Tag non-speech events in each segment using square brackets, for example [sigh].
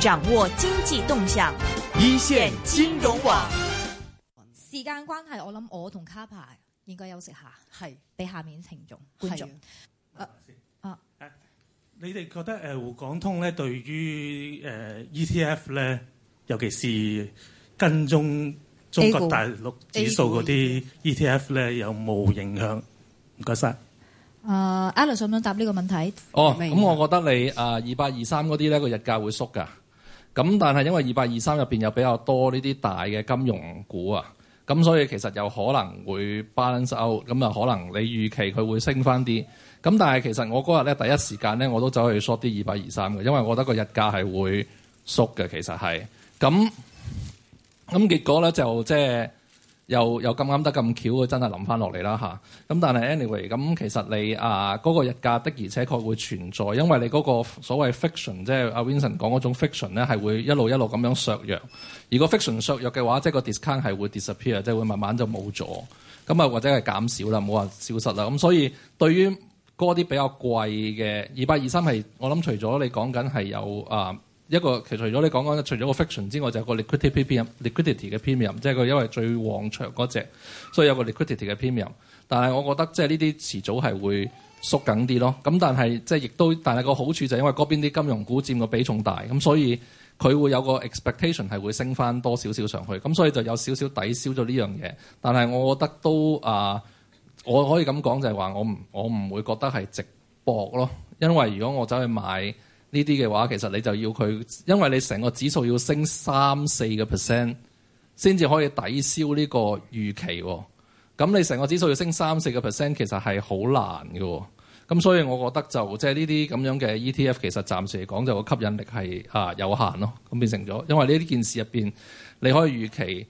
掌握經濟動向，一線金融網。時間關係，我諗我同卡牌應該休息下，係俾的下面聽眾的觀眾。啊的啊！啊啊你哋覺得誒，滬港通咧對於誒、呃、ETF 咧，尤其是跟蹤中國大陸指數嗰啲 ETF 咧，有冇影響？唔該晒。誒，Alex 想唔想答呢個問題？哦、oh，咁、嗯、我覺得你誒二百二三嗰啲咧，個、uh, 日價會縮㗎。咁但係因為二百二三入邊有比較多呢啲大嘅金融股啊，咁所以其實有可能會 balance out。咁啊，可能你預期佢會升返啲。咁但係其實我嗰日咧第一時間咧，我都走去 short 啲二百二三嘅，因為我覺得個日價係會縮嘅。其實係咁，咁結果咧就即係。就是又又咁啱得咁巧，真係諗翻落嚟啦吓，咁、啊、但係 anyway，咁、嗯、其實你啊嗰、那個日價的而且確會存在，因為你嗰個所謂 fiction，即係阿、啊、Vincent 講講嗰種 fiction 咧，係會一路一路咁樣削弱。而個 fiction 削弱嘅話，即、就、係、是、個 discount 係會 disappear，即係會慢慢就冇咗。咁、嗯、啊或者係減少啦，冇話消失啦。咁、嗯、所以對於嗰啲比較貴嘅二八二三，係我諗除咗你講緊係有啊。一個其實除咗你講講，除咗個 fiction 之外，就有個 liquidity premium，liquidity 嘅 premium，即係佢因為最旺場嗰隻，所以有個 liquidity 嘅 premium。但係我覺得即係呢啲遲早係會縮緊啲咯。咁但係即係亦都，但係個好處就係因為嗰邊啲金融股佔個比重大，咁所以佢會有個 expectation 係會升返多少少上去。咁所以就有少少抵消咗呢樣嘢。但係我覺得都啊、呃，我可以咁講就係話，我唔我唔會覺得係值博咯。因為如果我走去買。呢啲嘅話，其實你就要佢，因為你成個指數要升三四個 percent，先至可以抵消呢個預期喎。咁你成個指數要升三四個 percent，其實係好難嘅喎。咁所以，我覺得就即係呢啲咁樣嘅 ETF，其實暫時嚟講，就個吸引力係嚇、啊、有限咯。咁變成咗，因為呢啲件事入邊，你可以預期，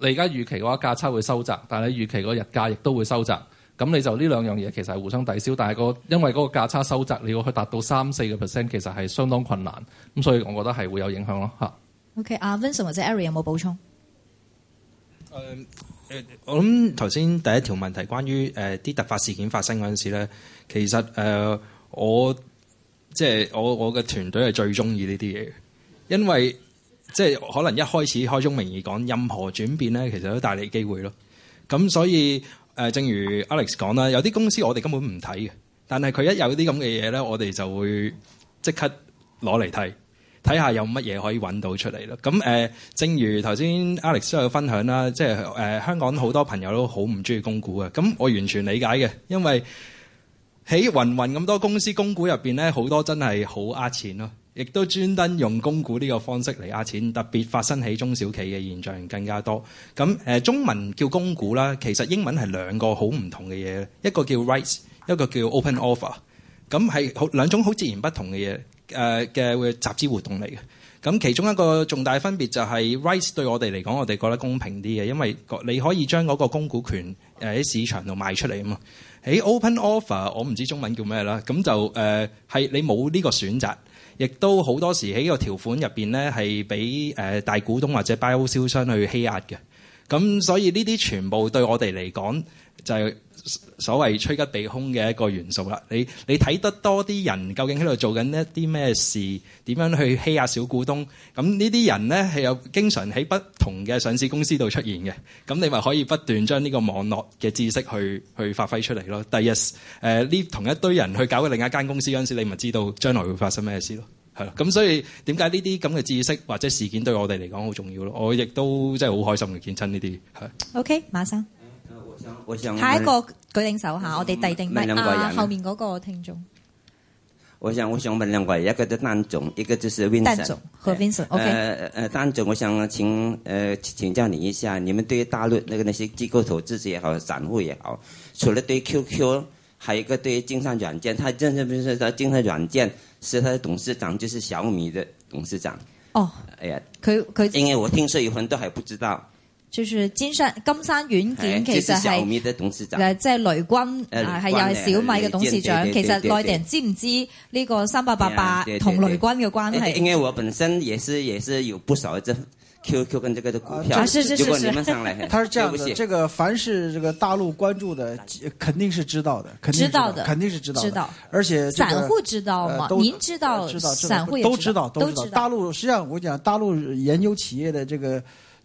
你而家預期嘅話，價差會收窄，但係你預期嗰日價亦都會收窄。咁你就呢兩樣嘢其實係互相抵消，但係、嗰個因為嗰個價差收窄，你要去達到三四個 percent，其實係相當困難。咁所以，我覺得係會有影響咯。嚇。OK，阿 Vincent 或者 Ari 有冇補充？誒我諗頭先第一條問題關於誒啲、uh, 突發事件發生嗰陣時咧，其實誒、uh, 我即係、就是、我我嘅團隊係最中意呢啲嘢，因為即係、就是、可能一開始開宗明義講任何轉變咧，其實都帶嚟機會咯。咁所以。誒，正如 Alex 講啦，有啲公司我哋根本唔睇嘅，但係佢一有啲咁嘅嘢咧，我哋就會即刻攞嚟睇，睇下有乜嘢可以揾到出嚟咯。咁誒，正如頭先 Alex 都有分享啦，即係香港好多朋友都好唔中意供股嘅，咁我完全理解嘅，因為喺芸芸咁多公司供股入面咧，好多真係好呃錢咯。亦都專登用供股呢個方式嚟壓錢，特別發生喺中小企嘅現象更加多。咁、呃、中文叫供股啦，其實英文係兩個好唔同嘅嘢，一個叫 rights，一個叫 open offer。咁係好兩種好截然不同嘅嘢嘅集資活動嚟嘅。咁其中一個重大分別就係 rights 對我哋嚟講，我哋覺得公平啲嘅，因為你可以將嗰個供股權喺市場度賣出嚟啊嘛。喺 open offer，我唔知中文叫咩啦，咁就誒係、呃、你冇呢個選擇。亦都好多時喺個條款入面咧，係俾大股東或者包銷商去欺壓嘅，咁所以呢啲全部對我哋嚟講。就係所謂趨吉避凶嘅一個元素啦。你你睇得多啲人究竟喺度做緊一啲咩事，點樣去欺壓小股東？咁呢啲人咧係有經常喺不同嘅上市公司度出現嘅。咁你咪可以不斷將呢個網絡嘅知識去去發揮出嚟咯。第二誒呢同一堆人去搞嘅另一間公司嗰陣時，你咪知道將來會發生咩事咯。係啦，咁所以點解呢啲咁嘅知識或者事件對我哋嚟講好重要咯？我亦都真係好開心嘅見親呢啲。係 OK，馬生。下一個舉定手吓，我哋第定啊後面個聽眾。我想我想問兩位，一個就單總，一個就是 Vincent，單總和 Vincent，誒誒，單總，我想請誒請教你一下，你們對大陸那個那些機構投資者也好，散戶也好，除了對 QQ，還有一個對金山軟件，他真正不是，他金山軟件是他的董事長，就是小米的董事長。哦，哎呀，他他，因為我聽說有很多還不知道。就是金山，金山軟件其實係，誒即係雷軍，係又係小米嘅董事長，其實內地人知唔知呢個三八八八同雷軍嘅關係？因為我本身也是也是有不少隻 QQ 跟這個的股票。如果你們上來，他是這樣子，這個凡是這個大陸關注的，肯定是知道的，肯定，肯定是知道。知道，而且，散戶知道嗎？您知道，知道，都知道，都知道。大陸，實際上我講大陸研究企業的這個。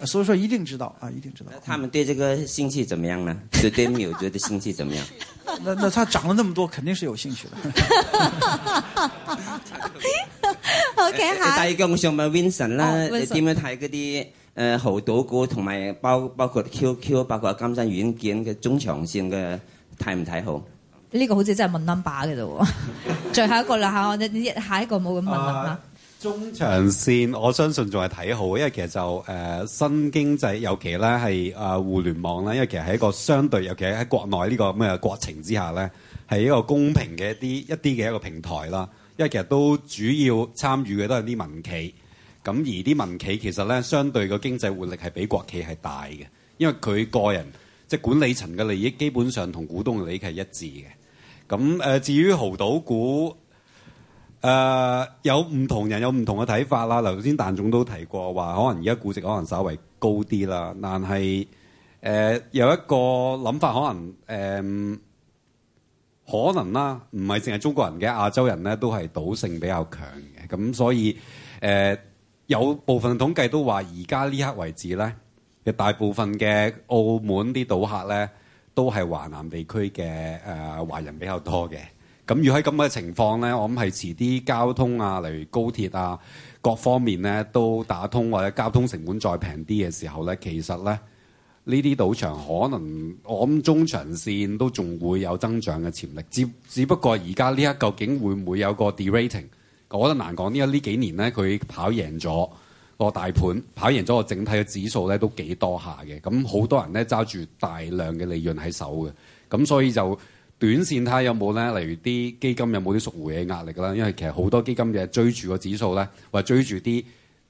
啊、所以說一定知道啊，一定知道。他們對這個興趣怎麼樣呢？ [laughs] 對有覺得興趣怎麼樣？ [laughs] 那那他漲了那麼多，肯定是有興趣的。呃、好嘅，下。第二個我想問 Vincent 啦，你點樣睇嗰啲誒濠賭股同埋包包括 QQ，包括金山軟件嘅中長線嘅睇唔睇好？呢個好似真係問 number 嘅啫。 [laughs] 最後一個啦吓，我哋 [laughs] 下一個冇咁問中長線我相信仲係睇好，因為其實就誒、呃、新經濟，尤其咧係誒互聯網咧，因為其實係一個相對，尤其喺國內呢個咁嘅國情之下咧，係一個公平嘅一啲一啲嘅一個平台啦。因為其實都主要參與嘅都係啲民企，咁而啲民企其實咧相對嘅經濟活力係比國企係大嘅，因為佢個人即係管理層嘅利益基本上同股東嘅利益係一致嘅。咁誒、呃，至於豪賭股。誒、呃、有唔同人有唔同嘅睇法啦。頭先彈總都提過話，可能而家估值可能稍為高啲啦。但係誒、呃、有一個諗法，可能誒、呃、可能啦，唔係淨係中國人嘅亞洲人咧，都係賭性比較強嘅。咁所以誒、呃、有部分統計都話，而家呢刻為止咧嘅大部分嘅澳門啲賭客咧，都係華南地區嘅誒、呃、華人比較多嘅。咁如果喺咁嘅情況咧，我諗係遲啲交通啊，例如高鐵啊，各方面咧都打通或者交通成本再平啲嘅時候咧，其實咧呢啲賭場可能我諗中長線都仲會有增長嘅潛力。只，只不過而家呢一刻究竟會唔會有個 de-rating，我覺得難講。因為呢幾年咧，佢跑贏咗個大盤，跑贏咗個整體嘅指數咧都幾多下嘅。咁好多人咧揸住大量嘅利潤喺手嘅，咁所以就。短線睇下有冇咧？例如啲基金有冇啲贖回嘅壓力啦？因為其實好多基金嘅追住個指數咧，或者追住啲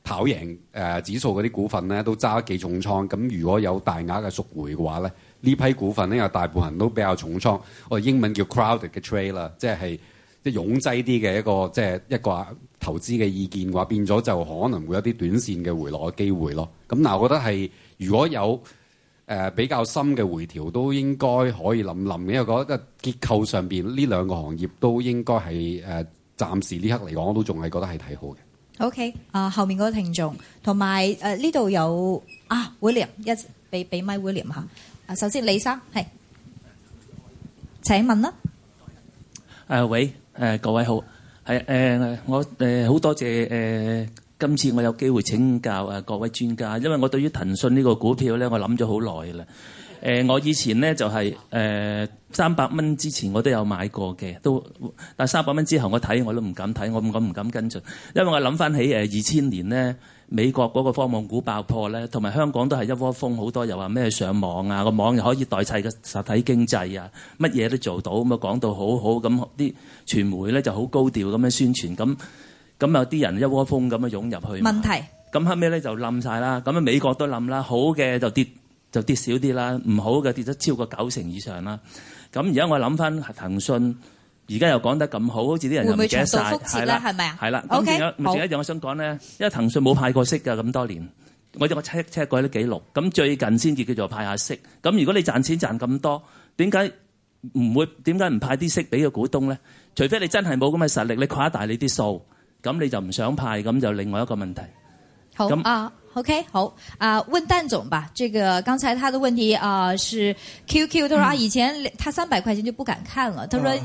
跑贏、呃、指數嗰啲股份咧，都揸幾重倉。咁如果有大額嘅贖回嘅話咧，呢批股份咧有大部分都比較重倉，我英文叫 crowded 嘅 trade 啦，即係即係擁擠啲嘅一個即係一個、啊、投資嘅意見嘅話，變咗就可能會有啲短線嘅回落嘅機會咯。咁嗱，我覺得係如果有。比較深嘅回調都應該可以諗諗。因為我覺得結構上面呢兩個行業都應該係誒，暫時呢刻嚟講我都仲係覺得係睇好嘅。OK，啊，後面嗰個聽眾，同埋誒呢度有啊，這裡有啊 William 一俾俾麥 William 啊，首先李生係，請問啦、啊。喂、啊，各位好，啊、我誒好、啊、多謝、啊今次我有機會請教各位專家，因為我對於騰訊呢個股票呢，我諗咗好耐啦。誒、呃，我以前呢，就係誒三百蚊之前我都有買過嘅，都但三百蚊之後我睇我都唔敢睇，我我唔敢，唔敢跟進，因為我諗翻起誒二千年呢，美國嗰個科網股爆破呢，同埋香港都係一窩蜂好多，又話咩上網啊個網又可以代替個實體經濟啊，乜嘢都做到咁啊，講到好好咁啲傳媒呢就好高調咁樣宣傳咁。咁有啲人一窩蜂咁樣湧入去，問題咁後尾咧就冧曬啦。咁啊，美國都冧啦。好嘅就跌就跌少啲啦，唔好嘅跌得超過九成以上啦。咁而家我諗翻騰訊，而家又講得咁好，好似啲人又唔會重蹈覆轍咧，係咪啊？係啦，咁仲有一樣我想講咧，因為騰訊冇派過息㗎咁多年，我我 check check 過啲記錄，咁最近先至叫做派下息。咁如果你賺錢賺咁多，點解唔會點解唔派啲息俾個股東咧？除非你真係冇咁嘅實力，你誇大你啲數。咁你就唔想派，咁就另外一個問題。好啊、嗯 uh, OK，好啊，uh, 問誕總吧。這個剛才他的問題啊，uh, 是 QQ，他說啊，以前他三百塊錢就不敢看了。他說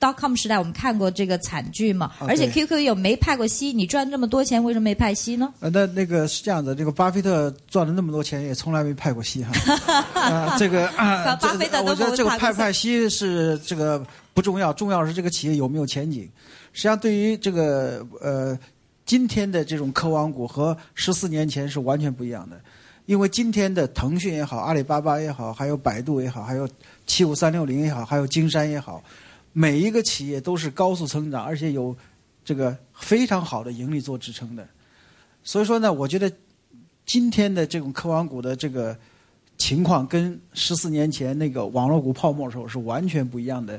dotcom 時代，我們看過這個慘劇嘛。Okay. 而且 QQ 有沒派過息？你賺這麼多錢，為什麼沒派息呢？啊，那那個是這樣子，這、那個巴菲特賺了那麼多錢，也從來沒派過息哈。這個啊巴菲特都沒派息。我覺得這個派派息是這個。不重要，重要的是這個企業有沒有前景。實際上，對於這個呃，今天的這種科網股和十四年前是完全不一樣的，因為今天的騰訊也好，阿里巴巴也好，還有百度也好，還有七五三六零也好，還有金山也好，每一個企業都是高速成長，而且有這個非常好的盈利做支撐的。所以說呢，我覺得今天的這種科網股的這個情況跟十四年前那個網絡股泡沫的時候是完全不一樣的。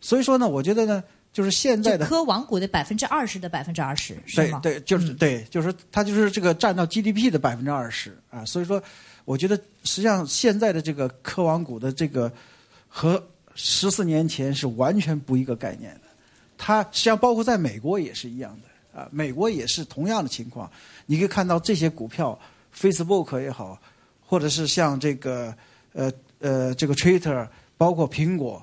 所以說呢，我覺得呢，就是現在的就科網股的百分之二十的百分之二十，對對，就是對，就是它就是這個佔到 GDP 的百分之二十啊。所以說，我覺得實際上現在的這個科網股的這個和十四年前是完全不一個概念的。它實際上包括在美國也是一樣的啊，美國也是同樣的情況。你可以看到這些股票，Facebook 也好，或者是像這個呃呃這個 Twitter，包括蘋果。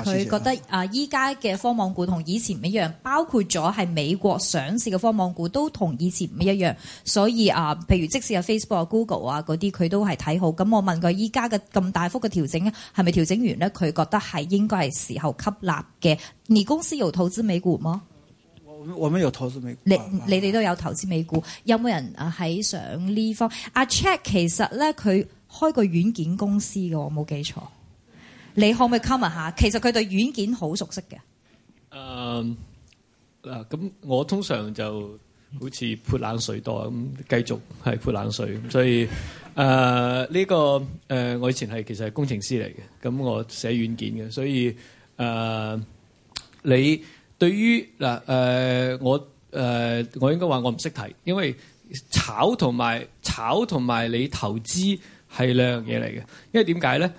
佢覺得啊，依家嘅科網股同以前唔一樣，包括咗係美國上市嘅科網股都同以前唔一樣。所以啊，譬如即使係 Facebook、Google 啊嗰啲，佢都係睇好。咁我問佢依家嘅咁大幅嘅調整係咪調整完咧？佢覺得係應該係時候吸納嘅。你公司有投資美股嗎？我我我有投資美股。你哇你哋都有投資美股？有冇人啊喺上呢方？阿 Check 其實咧，佢開個軟件公司嘅，我冇記錯。你可唔可以 comment 下？其實佢對軟件好熟悉嘅。誒嗱，咁我通常就好似潑冷水多，咁繼續係潑冷水。所以誒呢、uh, 呢個誒，uh, 我以前係其實係工程師嚟嘅，咁我寫軟件嘅。所以誒，uh, 你對於嗱誒、uh, 我誒、uh, 我應該話我唔識睇，因為炒同埋炒同埋你投資係兩樣嘢嚟嘅。因為點解咧？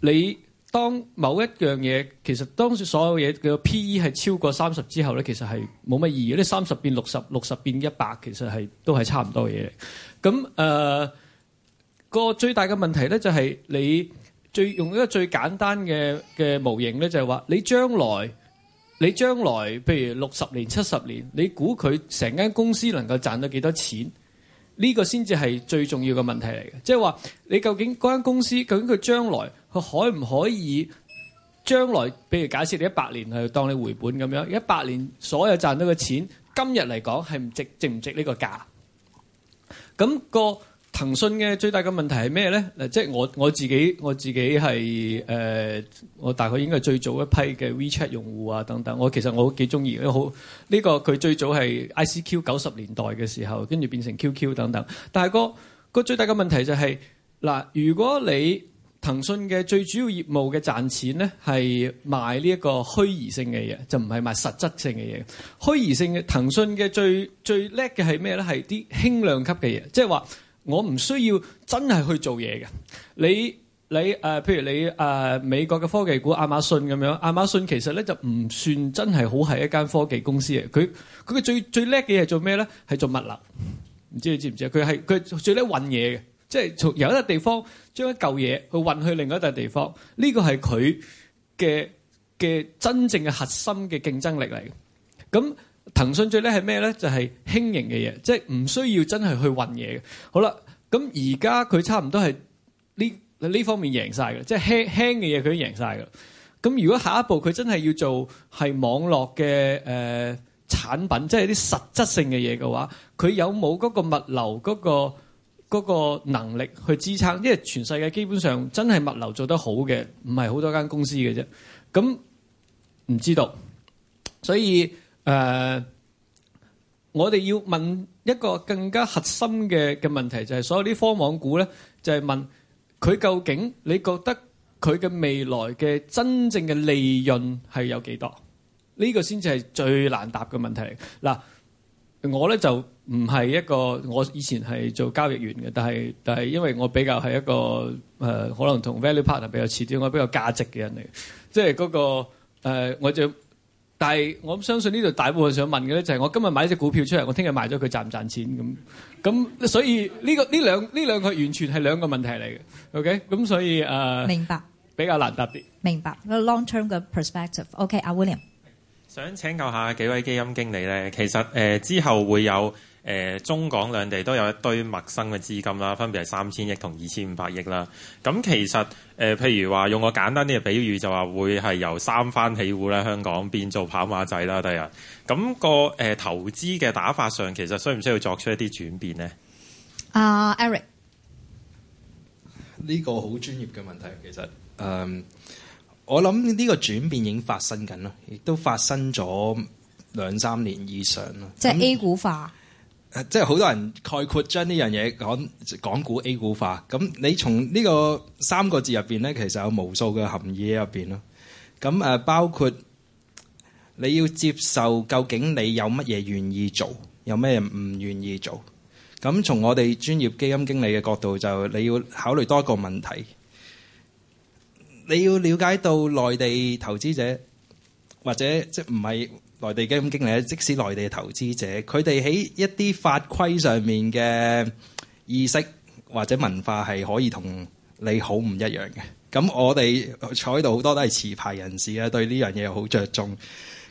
你當某一樣嘢，其實當時所有嘢嘅 P/E 係超過三十之後咧，其實係冇乜意義。啲三十變六十，六十變一百，其實係都係差唔多嘅嘢。咁誒、呃、個最大嘅問題咧，就係你最用一個最簡單嘅嘅模型咧，就係話你將來你將來譬如六十年、七十年，你估佢成間公司能夠賺到幾多錢？呢個先至係最重要嘅問題嚟嘅，即係話你究竟嗰間公司究竟佢將來佢可唔可以將來，比如假設你一百年去當你回本咁樣，一百年所有賺到嘅錢，今日嚟講係唔值值唔值呢個價？咁個。騰訊嘅最大嘅問題係咩咧？嗱，即係我我自己我自己係誒、呃，我大概應該係最早一批嘅 WeChat 用戶啊，等等。我其實我都幾中意，好呢、呢個佢最早係 ICQ 九十年代嘅時候，跟住變成 QQ 等等。但係、嗰個最大嘅問題就係、是、嗱，如果你騰訊嘅最主要業務嘅賺錢咧，係賣呢一個虛擬性嘅嘢，就唔係賣實質性嘅嘢。虛擬性嘅騰訊嘅最最叻嘅係咩咧？係啲輕量級嘅嘢，即係話。我唔需要真係去做嘢嘅，你你誒，譬如你誒美國嘅科技股亞馬遜咁樣，亞馬遜其實咧就唔算真係好係一間科技公司嘅，佢佢嘅最最叻嘅嘢係做咩咧？係做物流，唔知你知唔知啊？佢係佢最叻運嘢嘅，即係從由一笪地方將一嚿嘢去運去另一笪地方，呢個係佢嘅嘅真正嘅核心嘅競爭力嚟嘅，咁。騰訊最叻係咩咧？就係、是、輕盈嘅嘢，即係唔需要真係去運嘢。好啦，咁而家佢差唔多係呢呢方面贏晒嘅，即、就、係、是、輕輕嘅嘢佢都贏曬嘅。咁如果下一步佢真係要做係網絡嘅誒、呃、產品，即係啲實質性嘅嘢嘅話，佢有冇嗰個物流嗰、嗰個嗰個能力去支撐？因為全世界基本上真係物流做得好嘅，唔係好多間公司嘅啫。咁唔知道，所以。誒，uh, 我哋要問一個更加核心嘅嘅問題，就係、是、所有啲科網股咧，就係、是、問佢究竟你覺得佢嘅未來嘅真正嘅利潤係有幾多？呢、這個先至係最難答嘅問題。嗱，我咧就唔係一個我以前係做交易員嘅，但係但係因為我比較係一個誒、呃，可能同 value partner 比較似啲，我比較價值嘅人嚟，即係嗰、那個誒、呃，我就。但係，我相信呢度大部分想問嘅咧，就係我今日買隻股票出嚟，我聽日賣咗佢賺唔賺錢咁？咁所以呢、呢個呢兩呢兩個完全係兩個問題嚟嘅。OK，咁所以誒，呃、明白，比較難答啲。明白、A，long term 嘅 perspective。OK，阿 William，想請教下幾位基金經理咧，其實誒、呃、之後會有。誒中港兩地都有一堆陌生嘅資金啦，分別係三千億同二千五百億啦。咁其實誒、呃，譬如話用個簡單啲嘅比喻，就話會係由三番起戶咧，香港變做跑馬仔啦，第日咁個誒、呃、投資嘅打法上，其實需唔需要作出一啲轉變呢？阿、uh, Eric，呢個好專業嘅問題，其實誒、uh, 我諗呢個轉變已經發生緊啦，亦都發生咗兩三年以上啦，即係 A 股化。即係好多人概括將呢樣嘢講港股 A 股化，咁你從呢個三個字入面呢，其實有無數嘅含義喺入面咯。咁誒包括你要接受究竟你有乜嘢願意做，有咩唔願意做。咁從我哋專業基金經理嘅角度，就你要考慮多一個問題。你要了解到內地投資者或者即唔係？內地基金經理即使內地投資者，佢哋喺一啲法規上面嘅意識或者文化係可以同你好唔一樣嘅。咁我哋坐喺度好多都係持牌人士啊，對呢樣嘢好著重。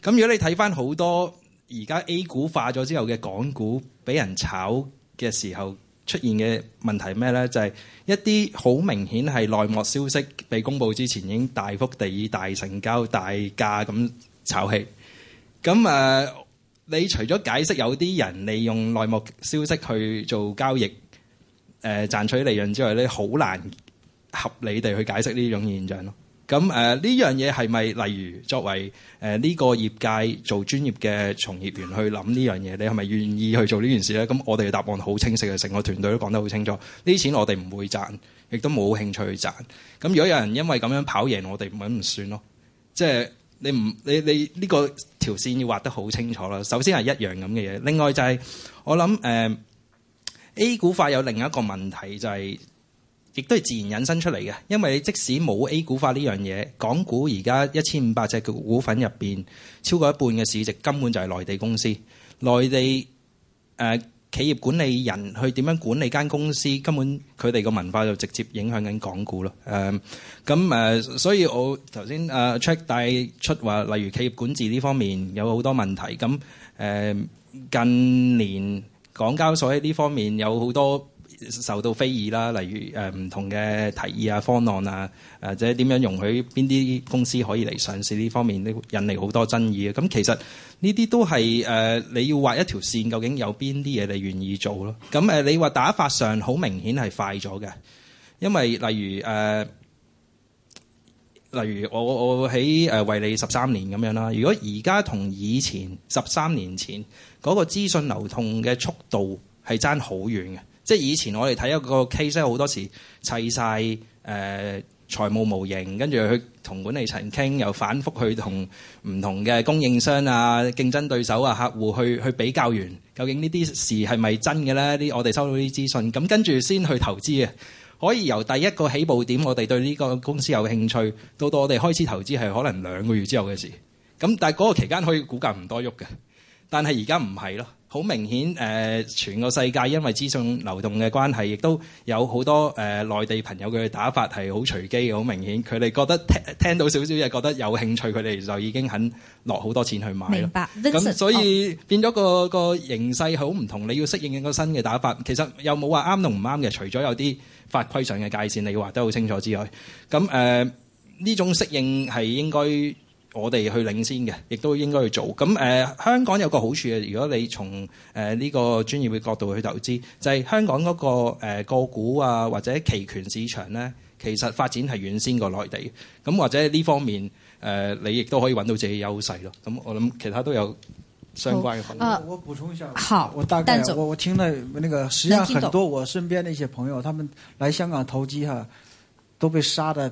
咁如果你睇翻好多而家 A 股化咗之後嘅港股俾人炒嘅時候出現嘅問題咩咧？就係、是、一啲好明顯係內幕消息被公佈之前已經大幅地以大成交大價咁炒起。咁誒，你除咗解釋有啲人利用內幕消息去做交易，誒、呃、賺取利潤之外咧，好難合理地去解釋呢種現象咯。咁誒，呢、呃、樣嘢係咪例如作為呢、呃呢個業界做專業嘅從業員去諗呢樣嘢？你係咪願意去做呢件事咧？咁我哋嘅答案好清晰嘅，成個團隊都講得好清楚。呢啲錢我哋唔會賺，亦都冇興趣去賺。咁如果有人因為咁樣跑贏我哋，咁唔算咯。即係你唔你你呢、呢個。條線要畫得好清楚啦。首先係一樣咁嘅嘢，另外就係我諗誒 A 股化有另一個問題，就係亦都係自然引申出嚟嘅。因為即使冇 A 股化呢樣嘢，港股而家一千五百隻股股份入邊，超過一半嘅市值根本就係內地公司，內地誒。企業管理人去點樣管理間公司，根本佢哋個文化就直接影響緊港股咯。誒、嗯，咁誒，所以我頭先誒 check 帶出話，例如企業管治呢方面有好多問題。咁、嗯、誒，近年港交所喺呢方面有好多。受到非議啦，例如誒唔同嘅提議啊、方案啊，或者點樣容許邊啲公司可以嚟上市呢？方面都引嚟好多爭議啊。咁其實呢啲都係誒你要畫一條線，究竟有邊啲嘢你願意做咯？咁誒，你話打法上好明顯係快咗嘅，因為例如誒、呃，例如我我喺誒為你十三年咁樣啦。如果而家同以前十三年前嗰、那個資訊流通嘅速度係爭好遠嘅。即係以前我哋睇一個 case，好多時砌晒誒財務模型，跟住去同管理層傾，又反覆去同唔同嘅供應商啊、競爭對手啊、客戶去去比較完，究竟是是呢啲事係咪真嘅咧？啲我哋收到啲資訊，咁跟住先去投資嘅，可以由第一個起步點，我哋對呢個公司有興趣，到到我哋開始投資係可能兩個月之後嘅事。咁但係嗰個期間可以股價唔多喐嘅，但係而家唔係咯。好明顯，誒、呃，全個世界因為資訊流動嘅關係，亦都有好多誒、呃、內地朋友嘅打法係好隨機嘅。好明顯，佢哋覺得聽聽到少少嘢，覺得有興趣，佢哋就已經肯落好多錢去買咯。明白。咁所以變咗個個形勢好唔同，你要適應一個新嘅打法。其實又冇話啱同唔啱嘅，除咗有啲法規上嘅界線你要話得好清楚之外，咁誒呢種適應係應該。我哋去領先嘅，亦都應該去做。咁、呃、香港有個好處，如果你從誒呢、呃這個專業嘅角度去投資，就係、是、香港嗰、那個誒、呃、個股啊，或者期權市場咧，其實發展係遠先過內地。咁或者呢方面、呃、你亦都可以揾到自己的優勢咯。咁我諗其他都有相關嘅。啊，我補充一下。好，我大概我坐我聽咗那個，實際上很多我身邊的一些朋友，聽他們來香港投資嚇，都被殺的。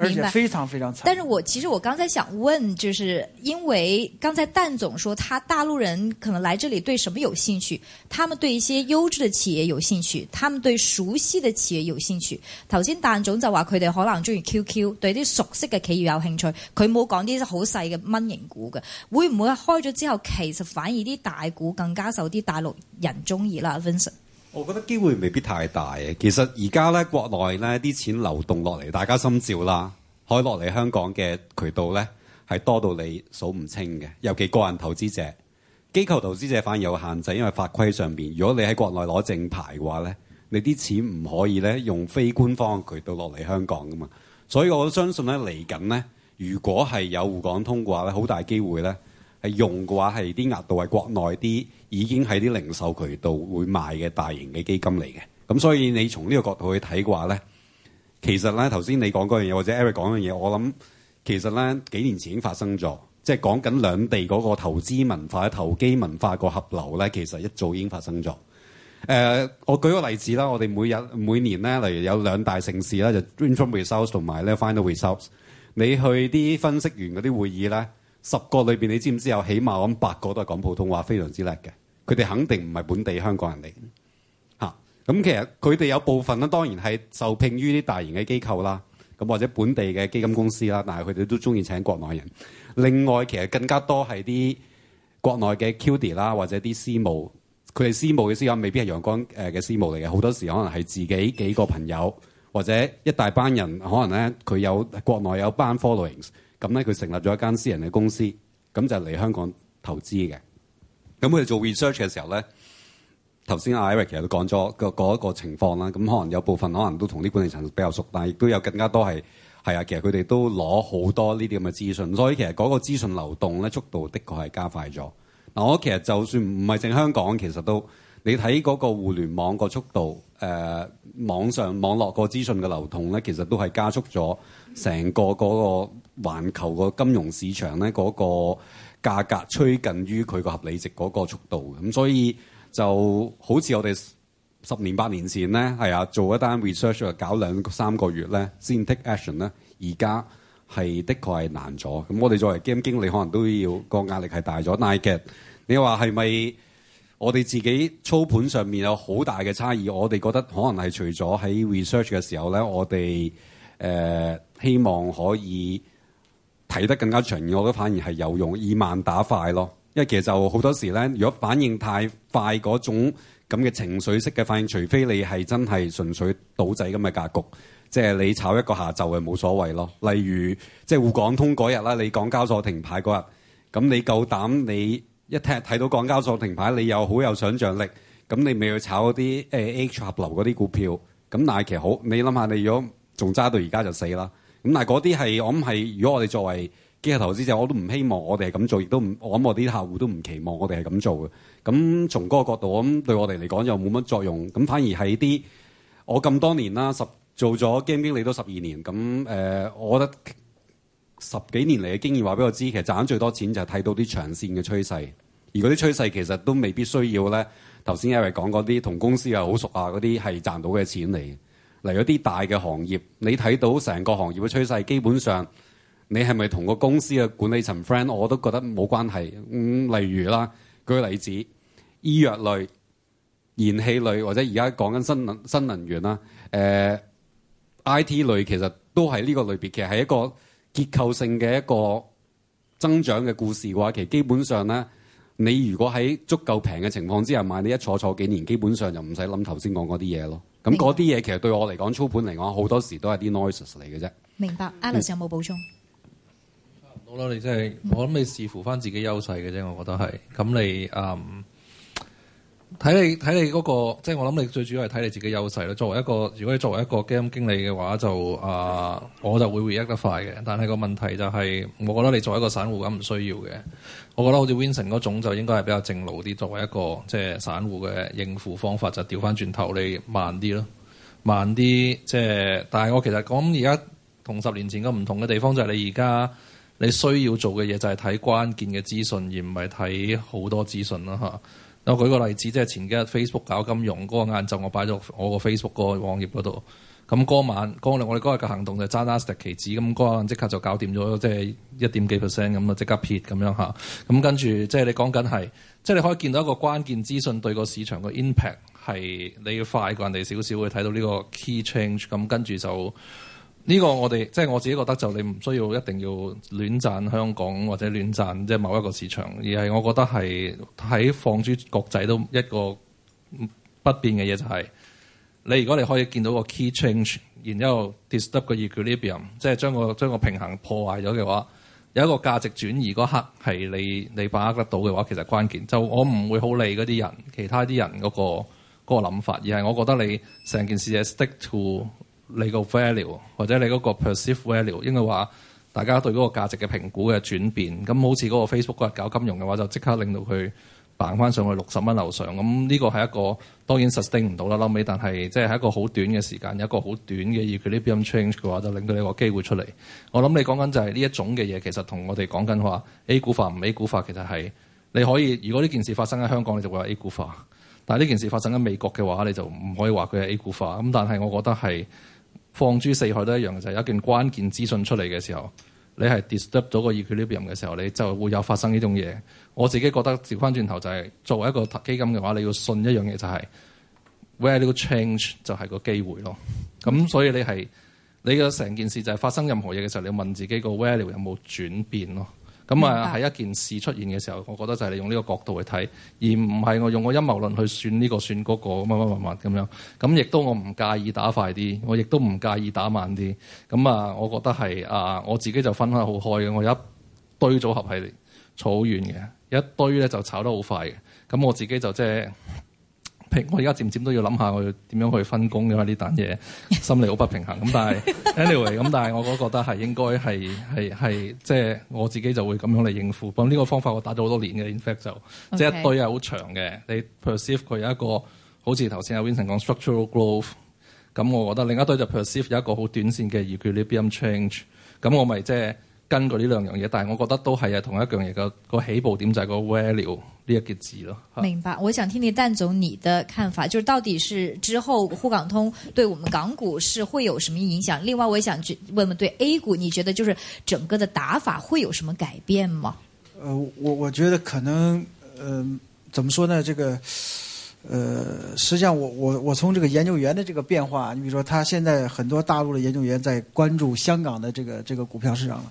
而且非常非常。但是我其實我剛才想問，就是因為剛才蛋總說，他大陸人可能來這裏對什麼有興趣？他們對一些優質的企業有興趣，他們對熟悉的企業有興趣。頭先蛋總就話佢哋可能中意 QQ，對啲熟悉嘅企業有興趣。佢冇講啲好細嘅蚊型股嘅，會唔會開咗之後，其實反而啲大股更加受啲大陸人中意啦？Vincent 我覺得機會未必太大嘅，其實而家咧國內咧啲錢流動落嚟，大家心照啦。可以落嚟香港嘅渠道咧，係多到你數唔清嘅。尤其個人投資者，機構投資者反而有限制，因為法規上面，如果你喺國內攞正牌嘅話咧，你啲錢唔可以咧用非官方嘅渠道落嚟香港噶嘛。所以我都相信咧，嚟緊咧，如果係有滬港通嘅話咧，好大機會咧。係用嘅話係啲額度係國內啲已經喺啲零售渠道會賣嘅大型嘅基金嚟嘅，咁所以你從呢個角度去睇嘅話咧，其實咧頭先你講嗰樣嘢或者 Eric 講嗰樣嘢，我諗其實咧幾年前已經發生咗，即係講緊兩地嗰個投資文化、投機文化個合流咧，其實一早已經發生咗。誒、呃，我舉個例子啦，我哋每日每年咧，例如有兩大城市咧，就 d i n t f r o m Research 同埋咧 f i n a l Research，你去啲分析員嗰啲會議咧。十個裏面你知唔知有起碼咁八個都係講普通話，非常之叻嘅。佢哋肯定唔係本地香港人嚟。嚇、啊，咁其實佢哋有部分咧，當然係受聘於啲大型嘅機構啦，咁或者本地嘅基金公司啦。但係佢哋都中意請國內人。另外，其實更加多係啲國內嘅 QDII 啦，或者啲私募，佢哋私募嘅私隱未必係陽光嘅私募嚟嘅。好多時可能係自己幾個朋友，或者一大班人，可能咧佢有國內有班 followings 咁咧，佢成立咗一間私人嘅公司，咁就嚟香港投資嘅。咁佢哋做 research 嘅時候咧，頭先阿 Eric 其實都講咗個嗰一個情況啦。咁可能有部分可能都同啲管理層比較熟，但係亦都有更加多係係啊。其實佢哋都攞好多呢啲咁嘅資訊，所以其實嗰個資訊流動咧速度的確係加快咗。嗱，我其實就算唔係淨香港，其實都你睇嗰個互聯網個速度。誒、uh, 網上網絡個資訊嘅流通咧，其實都係加速咗成個嗰個環球個金融市場咧嗰、那個價格趨近於佢個合理值嗰個速度。咁所以就好似我哋十年八年前咧，係啊做一單 research 啊，搞兩三個月咧先 take action 咧，而家係的確係難咗。咁我哋作為 game 經理，可能都要個壓力係大咗。但係，、mm hmm. 你話係咪？我哋自己操盤上面有好大嘅差異，我哋覺得可能係除咗喺 research 嘅時候咧，我哋誒、呃、希望可以睇得更加長遠，我覺得反而係有用，以慢打快咯。因為其實就好多時咧，如果反應太快嗰種咁嘅情緒式嘅反應，除非你係真係純粹賭仔咁嘅格局，即、就、係、是、你炒一個下晝係冇所謂咯。例如即係滬港通嗰日啦，你港交所停牌嗰日，咁你夠膽你？一睇睇到港交所停牌，你又好有想像力，咁你未去炒嗰啲誒 H 合流嗰啲股票，咁但係其實好，你諗下你如果仲揸到而家就死啦。咁但係嗰啲係我諗係，如果我哋作為基金投資者，我都唔希望我哋係咁做，亦都唔我諗我啲客戶都唔期望我哋係咁做嘅。咁從嗰個角度，咁對我哋嚟講又冇乜作用。咁反而喺啲我咁多年啦，十做咗基金經理都十二年，咁、呃、我覺得。十幾年嚟嘅經驗話俾我知，其實賺最多錢就係睇到啲長線嘅趨勢。而嗰啲趨勢其實都未必需要咧。頭先 Ivy 講嗰啲同公司又好熟啊，嗰啲係賺到嘅錢嚟。嚟咗啲大嘅行業，你睇到成個行業嘅趨勢，基本上你係咪同個公司嘅管理層 friend，我都覺得冇關係。咁、嗯、例如啦，舉個例子，醫藥類、燃氣類或者而家講緊新能新能源啦，誒、呃、IT 類其實都係呢個類別，其實係一個。結構性嘅一個增長嘅故事嘅話，其實基本上咧，你如果喺足夠平嘅情況之下買，你一坐坐幾年，基本上就唔使諗頭先講嗰啲嘢咯。咁嗰啲嘢其實對我嚟講，操盤嚟講，好多時都係啲 noise 嚟嘅啫。明白，Alice、嗯、有冇補充？差唔多啦，你真係我諗你視乎翻自己的優勢嘅啫，我覺得係。咁你嗯。睇你睇你嗰個，即係我諗你最主要係睇你自己優勢咯。作為一個，如果你作為一個 game 經理嘅話，就啊我就會 react 得快嘅。但係個問題就係，我覺得你作為一個散戶咁唔需要嘅。我覺得好似 Winson 嗰種就應該係比較正路啲。作為一個即係散戶嘅應付方法，就調翻轉頭你慢啲咯，慢啲即係。但係我其實講而家同十年前嘅唔同嘅地方就係你而家你需要做嘅嘢就係睇關鍵嘅資訊，而唔係睇好多資訊啦嚇。我舉個例子，即係前幾日 Facebook 搞金融嗰、那個晏晝、那個那個，我擺咗我個 Facebook 個網頁嗰度。咁嗰晚我哋嗰日嘅行動就扎 last 棋子咁晚即刻就搞掂咗，即係一點幾 percent 咁啊！即刻撇咁樣嚇。咁跟住即係你講緊係，即、就、係、是、你可以見到一個關鍵資訊對個市場個 impact 係你要快過人哋少少，去睇到呢個 key change。咁跟住就。呢個我哋即係我自己覺得就你唔需要一定要亂讚香港或者亂讚即係某一個市場，而係我覺得係喺放諸國際都一個不變嘅嘢就係，你如果你可以見到個 key change，然之後 disturb 個 equilibrium，即係將個將個平衡破壞咗嘅話，有一個價值轉移嗰刻係你你把握得到嘅話，其實關鍵就我唔會好理嗰啲人，其他啲人嗰個嗰個諗法，而係我覺得你成件事嘢 stick to。你個 value 或者你嗰個 perceived value，應該話大家對嗰個價值嘅評估嘅轉變咁，咁好似嗰個 Facebook 嗰日搞金融嘅話，就即刻令到佢掹返上去六十蚊樓上咁。呢個係一個當然 sustain 唔到啦，撈尾，但係即係一個好短嘅時間，有一個好短嘅，equilibrium change 嘅話，就令到你個機會出嚟。我諗你講緊就係呢一種嘅嘢，其實同我哋講緊話 A 股化唔 A 股化，其實係你可以。如果呢件事發生喺香港，你就會話 A 股化；但係呢件事發生喺美國嘅話，你就唔可以話佢係 A 股化。咁但係我覺得係。放諸四海都一樣，就係、是、有一件關鍵資訊出嚟嘅時候，你係 disturb 到個 equilibrium 呢邊嘅時候，你就會有發生呢種嘢。我自己覺得調翻轉頭就係、是、作為一個基金嘅話，你要信一樣嘢就係 value change 就係個機會咯。咁所以你係你嘅成件事就係發生任何嘢嘅時候，你要問自己個 value 有冇轉變咯。咁、嗯嗯、啊，喺一件事出現嘅時候，我覺得就係你用呢個角度去睇，而唔係我用個陰謀論去算呢個算嗰、嗰個乜乜乜乜咁樣。咁亦都我唔介意打快啲，我亦都唔介意打慢啲。咁啊，我覺得係啊，我自己就分開好開嘅，我有一堆組合係炒好遠嘅，一堆咧就炒得好快嘅。咁我自己就即係。我而家漸漸都要諗下，我要點樣去分工，因為呢單嘢心理好不平衡。咁 [laughs] 但係 anyway，咁但係我覺得係應該係係係即係我自己就會咁樣嚟應付。咁呢個方法我打咗好多年嘅。In fact 就 Okay. 即係一堆係好長嘅。你 perceive 佢有一個好似頭先阿 Vincent 講 structural growth，咁我覺得另一堆就 perceive 有一個好短線嘅、e，而叫 equilibrium change。咁我咪即係。根據呢兩樣嘢，但係我覺得都係啊，同一樣嘢嘅個起步點就係個 value 呢一個字咯。明白，我想聽聽鄧總你的看法，就是、到底是之後滬港通對我們港股是會有什麼影響？另外，我也想問問對 A 股，你覺得就是整個的打法會有什麼改變嗎？呃，我我覺得可能，嗯、呃，怎麼說呢？這個，呃，實際上我我我從這個研究員的這個變化，你比如說，他現在很多大陸的研究員在關注香港的這個這個股票市場了。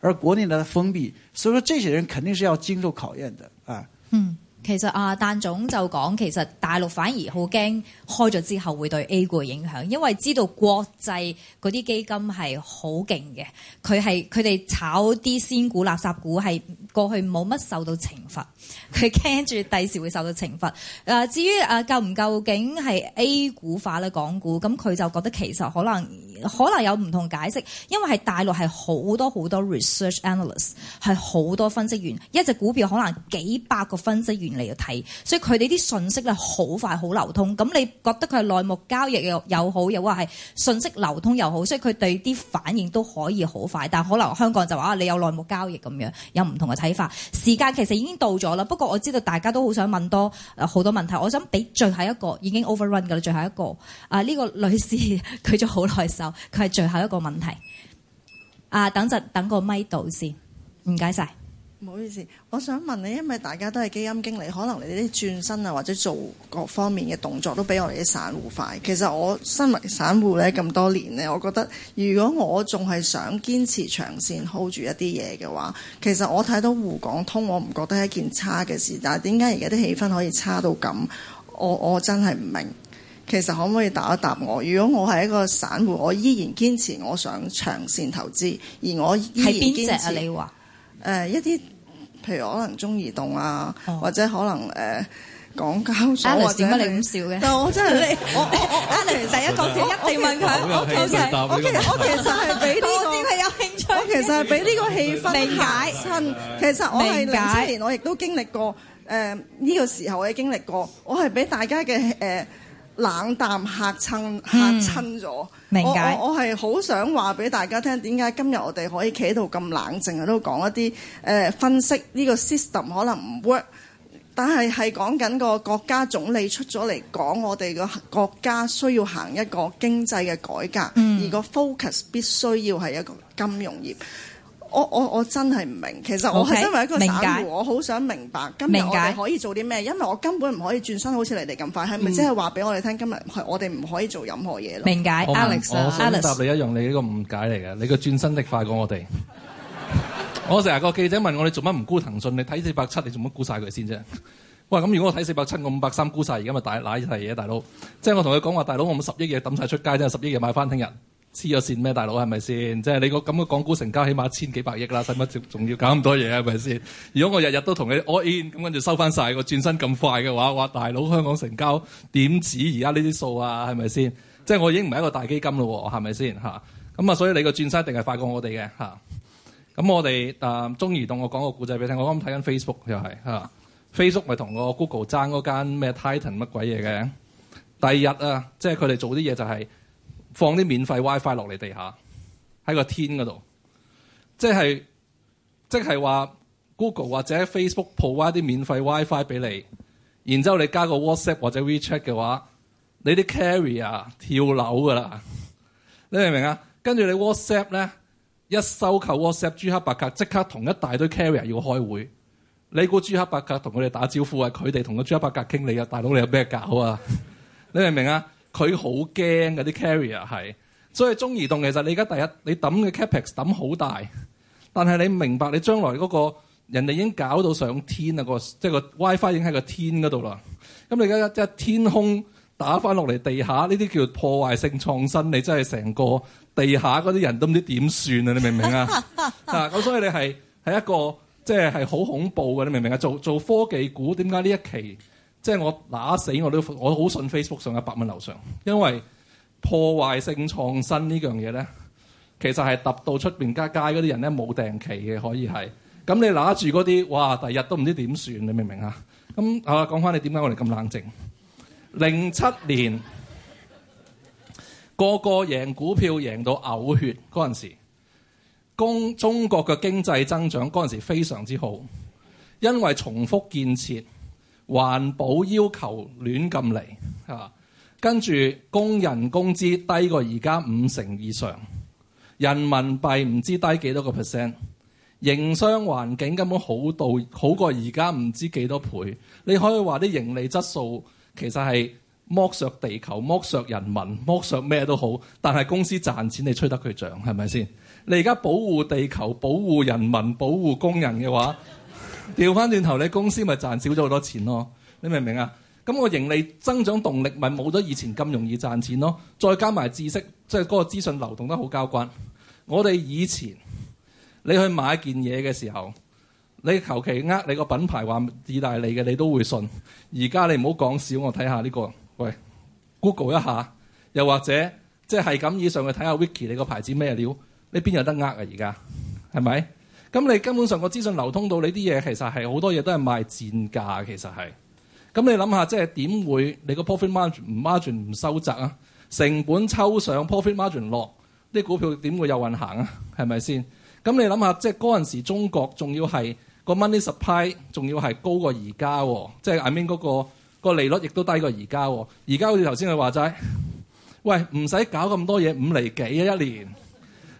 而國內呢，封閉，所以說這些人肯定是要經受考驗的，啊。嗯，其實啊，蛋、呃、總就講，其實大陸反而好驚開咗之後會對 A 股嘅影響，因為知道國際嗰啲基金係好勁嘅，佢係佢哋炒啲仙股垃圾股係過去冇乜受到懲罰，佢驚住第時會受到懲罰。啊、呃，至於啊，夠、呃、唔究，究竟係 A 股化咧港股，咁佢就覺得其實可能。可能有唔同解釋，因為係大陸係好多好多 research analyst 係好多分析員，一隻股票可能幾百個分析員嚟睇，所以佢哋啲信息咧好快好流通。咁你覺得佢係內幕交易又又好，又話係信息流通又好，所以佢哋啲反應都可以好快。但可能香港就話啊，你有內幕交易咁樣，有唔同嘅睇法。時間其實已經到咗啦，不過我知道大家都好想問多、呃、好多問題，我想俾最後一個已經 overrun 㗎啦。最後一個啊呢、呃呢個女士佢咗好耐佢係最後一個問題，啊，等陣等個咪到先，唔該晒，唔好意思，我想問你，因為大家都係基金經理，可能你哋啲轉身啊，或者做各方面嘅動作都比我哋啲散戶快。其實我身為散戶咧咁多年呢，我覺得如果我仲係想堅持長線 hold 住一啲嘢嘅話，其實我睇到滬港通，我唔覺得係一件差嘅事。但係點解而家啲氣氛可以差到咁？我我真係唔明。其實可唔可以答一答我？如果我係一個散戶，我依然堅持我想長線投資，而我依然堅持。啊？你話誒一啲，譬如可能中移動啊，或者可能誒港交所，或者點解你咁笑嘅？但係我真係你我我 Alex 第一個先一定問佢。我其實我我其實係俾呢個我其實係俾呢個氣氛，明解親。其實我係零七年，我亦都經歷過誒呢個時候，我亦經歷過。我係俾大家嘅誒。冷淡嚇親、嗯、嚇親咗明白，我我係好想話俾大家聽，點解今日我哋可以企喺度咁冷靜，都講一啲誒、呃、分析呢、呢個 system 可能唔 work。但係係講緊個國家總理出咗嚟講，我哋個國家需要行一個經濟嘅改革，嗯、而個 focus 必須要係一個金融業。我我我真係唔明，其實我係身為一個散戶，我好想明白今日我哋可以做啲咩，因為我根本唔可以轉身好似你哋咁快，係咪即係話俾我哋聽，今日我哋唔可以做任何嘢咯？明白解，Alex，Alex，我想答你一樣，你呢個誤解嚟嘅，你個轉身力快 [laughs] [laughs] 我過我哋。我成日個記者問我，你做乜唔沽騰訊？你睇四百七，你做乜沽晒佢先啫？哇！咁如果我睇四百七，我五百三沽晒。而家咪大瀨一嘢，大佬，即係我同佢講話，大佬，我冇十億嘢抌晒出街啫，十億嘢買翻聽日。黐咗線咩？大佬係咪先？即係你個咁嘅港股成交起碼千幾百億啦，使乜仲要搞咁多嘢啊，係咪先？如果我日日都同你 all in 咁，跟住收翻晒，個轉身咁快嘅話，哇！大佬香港成交點止？而家呢啲數啊，係咪先？即係我已經唔係一個大基金咯喎，係咪先？咁啊！所以你個轉身一定係快過、啊、我哋嘅吓。咁我哋誒中移動，我講個故仔俾你聽。我啱啱睇緊 Facebook 又係嚇，Facebook 咪同個 Google 爭嗰間咩 Titan 乜鬼嘢嘅？第二日啊，即係佢哋做啲嘢就係、是。放啲免費 WiFi 落嚟地下，喺個天嗰度，即係即係話 Google 或者 Facebook provide 啲免費 WiFi 俾你，然之後你加個 WhatsApp 或者 WeChat 嘅話，你啲 carrier 跳樓噶啦，你明唔明啊？跟住你 WhatsApp 咧，一收購 WhatsApp 朱克伯格即刻同一大堆 carrier 要開會，你估朱克伯格同佢哋打招呼啊？佢哋同個朱克伯格傾你啊？大佬你有咩搞啊？你明唔明啊？佢好驚嘅啲 carrier 係，所以中移動其實你而家第一你抌嘅 capex 抌好大，但係你明白你將來嗰個人哋已經搞到上天啊，個即係個 WiFi 已經喺個天嗰度啦。咁你而家即係天空打翻落嚟地下，呢啲叫做破壞性創新。你真係成個地下嗰啲人都唔知點算啊！你明唔明啊？咁 [laughs] 所以你係係一個即係係好恐怖嘅，你明唔明啊？做做科技股點解呢一期？即係我打死我都，我好信 Facebook 上一百蚊樓上，因為破壞性創新呢樣嘢呢，其實係揼到出面街街嗰啲人呢冇定期嘅，可以係咁你拿住嗰啲，哇！第日都唔知點算，你明唔明啊？咁啊，講、嗯、翻、嗯、你點解我哋咁冷靜？零七年 [laughs] 個個贏股票贏到嘔血嗰陣時，中國國嘅經濟增長嗰陣時非常之好，因為重複建設。環保要求亂咁嚟嚇，跟住工人工資低過而家五成以上，人民幣唔知低幾多個 percent，營商環境根本好到好過而家唔知幾多倍。你可以話啲盈利質素其實係剝削地球、剝削人民、剝削咩都好，但係公司賺錢你吹得佢漲係咪先？你而家保護地球、保護人民、保護工人嘅話？調翻轉頭，你公司咪賺少咗好多錢咯？你明唔明啊？咁我盈利增長動力咪冇咗以前咁容易賺錢咯？再加埋知識，即係嗰個資訊流動得好交關。我哋以前你去買一件嘢嘅時候，你求其呃你個品牌話意大利嘅，你都會信。而家你唔好講少，我睇下呢個，喂，Google 一下，又或者即係咁以上去睇下 Wiki 你個牌子咩料？你邊有得呃啊？而家係咪？咁你根本上個資訊流通到你啲嘢，其實係好多嘢都係賣賤價，其實係。咁你諗下，即係點會你個 profit margin 唔 margin 唔收窄啊？成本抽上，profit margin 落，啲股票點會有運行啊？係咪先？咁你諗下，即係嗰陣時中國仲要係個 money supply 仲要係高過而家，啊，即係眼邊嗰個、嗰個利率亦都低過而家，啊。而家好似頭先佢話齋，喂唔使搞咁多嘢，五厘幾啊，一年。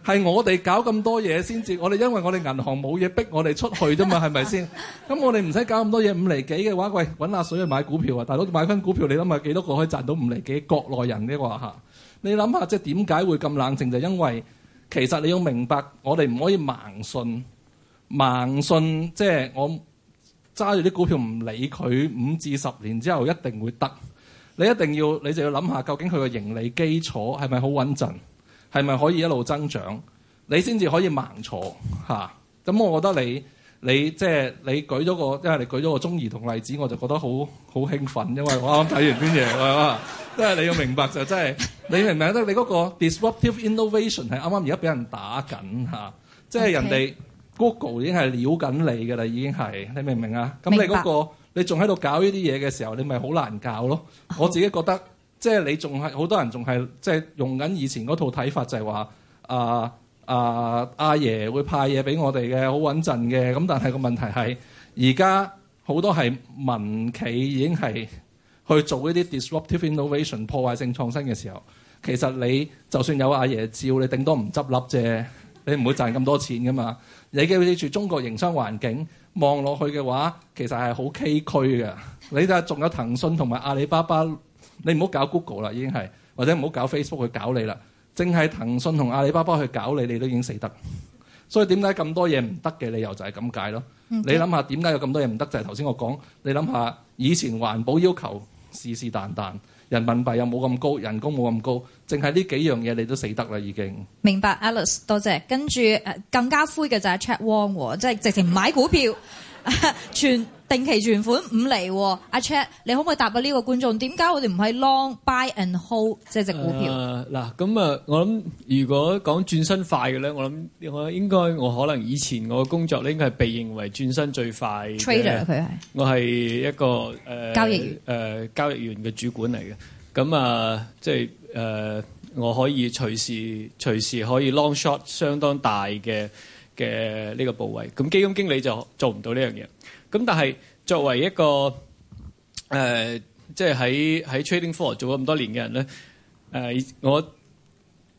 係我哋搞咁多嘢先至，我哋因為我哋銀行冇嘢逼我哋出去啫嘛，係咪先？咁、 [laughs] 嗯、我哋唔使搞咁多嘢，五厘幾嘅話，喂，揾阿水去買股票啊！大佬買翻股票，你諗下幾多個可以賺到五厘幾？國內人嘅話嚇，你諗下即係點解會咁冷靜？就係、因為其實你要明白，我哋唔可以盲信，盲信即係、就係、我揸住啲股票唔理佢五至十年之後一定會得。你一定要，你就要諗下究竟佢個盈利基礎係咪好穩陣？係咪可以一路增長？你先至可以盲坐嚇。咁、啊、我覺得你你即係、就是、你舉咗個，因為你舉咗個中移動例子，我就覺得好好興奮，因為我啱啱睇完啲嘢，係嘛？ [laughs] 因為你要明白就 [laughs] 真係你明唔明咧？ [laughs] 你嗰個 disruptive innovation 係啱啱而家俾人打緊嚇，即、啊、係 Okay. 人哋 Google 已經係撩緊你㗎啦，已經係，你明唔明啊白？咁你嗰、那個你仲喺度搞呢啲嘢嘅時候，你咪好難搞咯。Oh. 我自己覺得。即係你仲係好多人仲係即係用緊以前嗰套睇法就，就係話啊啊阿爺會派嘢俾我哋嘅，好穩陣嘅。咁但係個問題係，而家好多係民企已經係去做嗰啲 disruptive innovation 破壞性創新嘅時候，其實你就算有阿爺，爺照，你頂多唔執笠啫，你唔會賺咁多錢噶嘛。你記住中國營商環境望落去嘅話，其實係好崎嶇嘅。你就係仲有騰訊同埋阿里巴巴。你唔好搞 Google 啦，已經係，或者唔好搞 Facebook 去搞你啦，淨係騰訊同阿里巴巴去搞你，你都已經死得。所以點解咁多嘢唔得嘅理由就係咁解咯。你諗下點解有咁多嘢唔得，就係頭先我講。你諗下以前環保要求是是但但，人民幣又冇咁高，人工冇咁高，淨係呢幾樣嘢你都死得啦已經了。明白，Alice 多謝。跟住誒更加灰嘅就係 ChatWall 喎，即係直情買股票。 [laughs] 存 [laughs] 定期存款五釐喎，哦，阿 Chad 你可唔可以答下呢個觀眾？點解我哋唔係 long buy and hold 即係隻股票？嗱咁啊，我諗如果講轉身快嘅咧，我諗我應該我可能以前我嘅工作咧應該係被認為轉身最快 trader 佢係我係一個誒、呃、交易員誒、呃、交易員嘅主管嚟嘅。咁啊即係誒我可以隨時隨時可以 long shot 相當大嘅。嘅呢個部位，咁基金經理就做唔到呢樣嘢。咁但係作為一個誒，即係喺喺 trading floor 做咗咁多年嘅人咧，誒、呃、我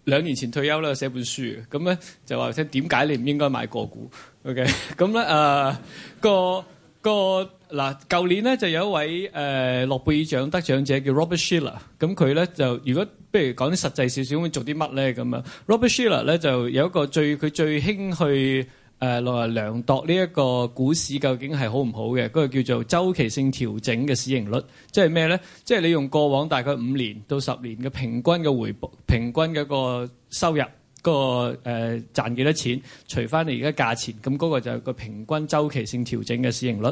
兩年前退休啦，我寫本書。咁咧就話聽點解你唔應該買個股？OK，咁咧誒個個。個嗱，舊年咧就有一位誒諾貝爾獎得獎者叫 Robert Shiller，咁佢咧就如果不如講啲實際少少，會做啲乜咧咁啊？Robert Shiller 咧就有一個最佢最興去誒量度呢一個股市究竟係好唔好嘅，嗰個叫做周期性調整嘅市盈率，即係咩咧？即係你用過往大概五年到十年嘅平均嘅回報平均嘅個收入，個誒賺幾多錢，除翻你而家價錢，咁嗰個就係個平均周期性調整嘅市盈率。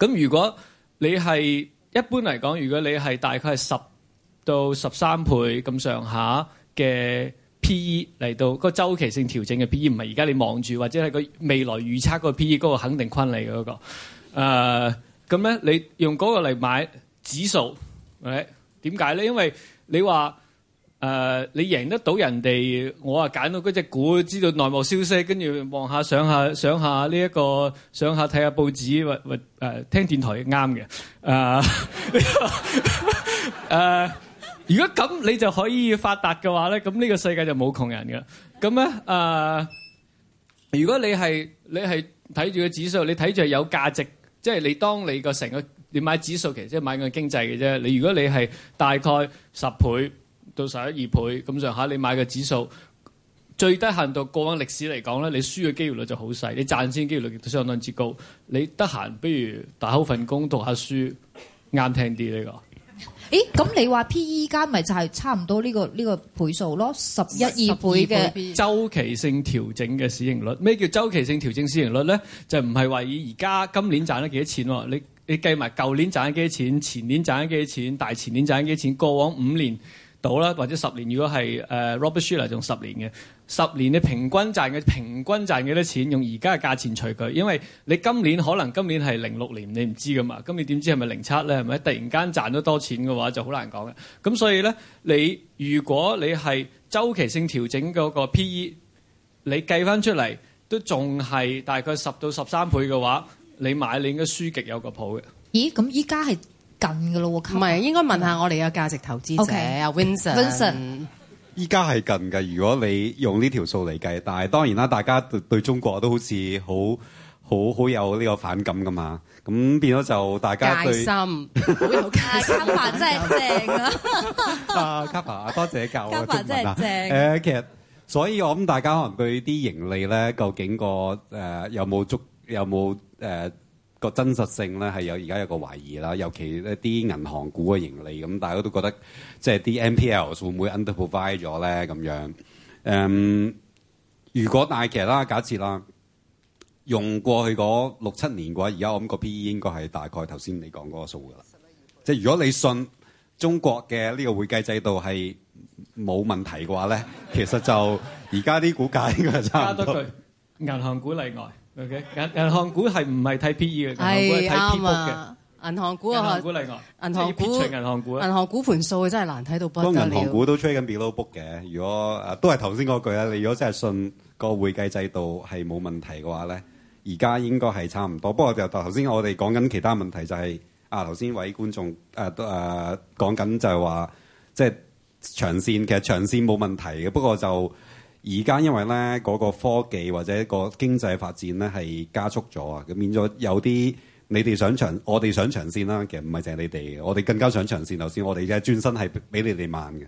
咁如果你係一般嚟講，如果你係大概係十到十三倍咁上下嘅 P E 嚟到、個周期性調整嘅 P E，唔係而家你望住或者係未來預測個 P E，嗰個肯定坤你嘅嗰個。誒，咁咧你用嗰個嚟買指數，誒點解咧？因為你話。誒，uh, 你贏得到人哋，我啊揀到嗰隻股，知道內幕消息，跟住望下、上下、上下呢、這、一個，上下睇下報紙或或誒聽電台啱嘅。誒、uh, [laughs] uh, 如果咁你就可以發達嘅話咧，咁呢個世界就冇窮人嘅。咁咧誒，uh, 如果你係你係睇住個指數，你睇住係有價值，即、就、係、是、你當你個成個你買指數，其實即係買個經濟嘅啫。你如果你係大概十倍。到十一二倍咁上下，你買嘅指數最低限度過往歷史嚟講咧，你輸嘅機會率，率就好細，你賺錢機會率亦都相當之高。你得閒不如打好份工，讀下書，啱 [coughs] 聽啲呢、欸呢個。咦，咁你話 P E，加家咪就係差唔多呢個呢個倍數咯，十一二倍嘅周倍的期性調整嘅市盈率。咩叫周期性調整市盈率咧？就唔係話以而家今年賺咗幾多錢，你你計埋舊年賺咗幾多錢，前年賺咗幾多錢，大前年賺咗幾多錢，過往五年。到啦，或者十年，如果係 Robert Shiller 仲十年嘅十年你平均賺嘅平均賺幾多錢？用而家嘅價錢除佢，因為你今年可能今年係零六年，你唔知噶嘛，今年點知係咪零七咧？係咪突然間賺得多錢嘅話，就好難講嘅。咁所以咧，你如果你係周期性調整嗰個 PE，你計翻出嚟都仲係大概十到十三倍嘅話，你買你應該輸極有個譜嘅。咦？咁依家係。近噶咯唔係應該問下我哋嘅價值投資者阿 Okay.、啊、Vincent。Vincent，依家係近㗎。如果你用呢條數嚟計，但係當然啦，大家對中國都好似好好好有呢個反感噶嘛，咁變咗就大家對戒心，好 [laughs] 有戒心。華真係正啊！阿 Capa 多謝教我哋啦。卡真係正、呃。其實所以我諗大家可能對啲盈利咧，究竟個誒、呃、有冇足，有冇誒？呃個真實性咧係有而家一個懷疑啦，尤其一啲銀行股嘅盈利，咁大家都覺得即係啲 NPL 會唔會 underprovide 咗咧？咁樣誒、嗯，如果大旗啦，假設啦，用過去嗰六七年嘅話，而家我諗個 P/E 應該係大概頭先你講嗰個數噶啦。即係如果你信中國嘅呢個會計制度係冇問題嘅話咧， [laughs] 其實就而家啲股價應該差唔多。加多句銀行股例外。O.K. 銀行股係唔係睇 P.E. 嘅？銀行股睇 P. book 嘅。銀行股啊，銀行股例外。銀行股除銀行股，銀行股盤數真係難睇到不當，銀行股都吹緊 below book 嘅。如果誒都係頭先嗰句啦。你如果真係信個會計制度係冇問題嘅話咧，而家應該係差唔多。不過就頭先我哋講緊其他問題就係啊，頭先位觀眾誒誒講緊就係話，即係長線其實長線冇問題嘅。不過就。而家因為咧嗰個科技或者個經濟發展咧係加速咗啊，咁變咗有啲你哋想長，我哋想長線啦，其實唔係淨係你哋我哋更加想長線。頭先我哋嘅轉身係比你哋慢嘅。誒、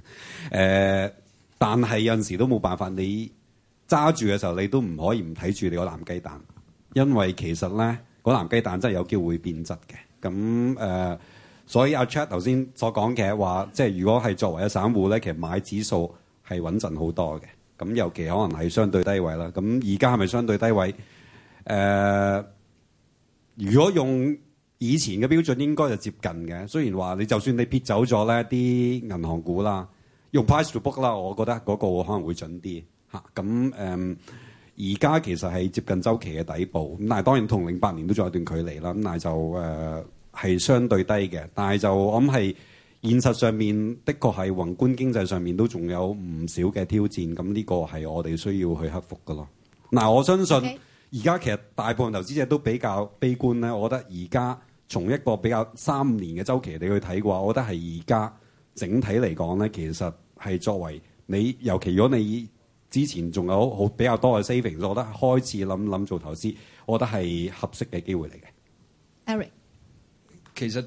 呃，但係有陣時候都冇辦法，你揸住嘅時候，你都唔可以唔睇住你個藍雞蛋，因為其實咧嗰藍雞蛋真係有機會變質嘅。咁誒、呃，所以阿 Chad 頭先所講嘅話，即係如果係作為一散戶咧，其實買指數係穩陣好多嘅。咁尤其可能係相對低位啦。咁而家係咪相對低位？誒、呃，如果用以前嘅標準，應該就接近嘅。雖然話你就算你撇走咗咧啲銀行股啦，用 price to book 啦，我覺得嗰個可能會準啲嚇。咁、啊、誒、嗯，而家其實係接近週期嘅底部，咁但係當然同零八年都仲有一段距離啦。咁但係就誒、呃，係相對低嘅，但係就我諗係。現實上面的確係宏觀經濟上面都仲有唔少嘅挑戰，咁呢個係我哋需要去克服嘅咯。嗱、啊，我相信而家其實大部分投資者都比較悲觀咧。我覺得而家從一個比較三年嘅周期你去睇嘅話，我覺得係而家整體嚟講咧，其實係作為你，尤其如果你之前仲有好比較多嘅 saving，我覺得開始諗諗做投資，我覺得係合適嘅機會嚟嘅。Eric，其實。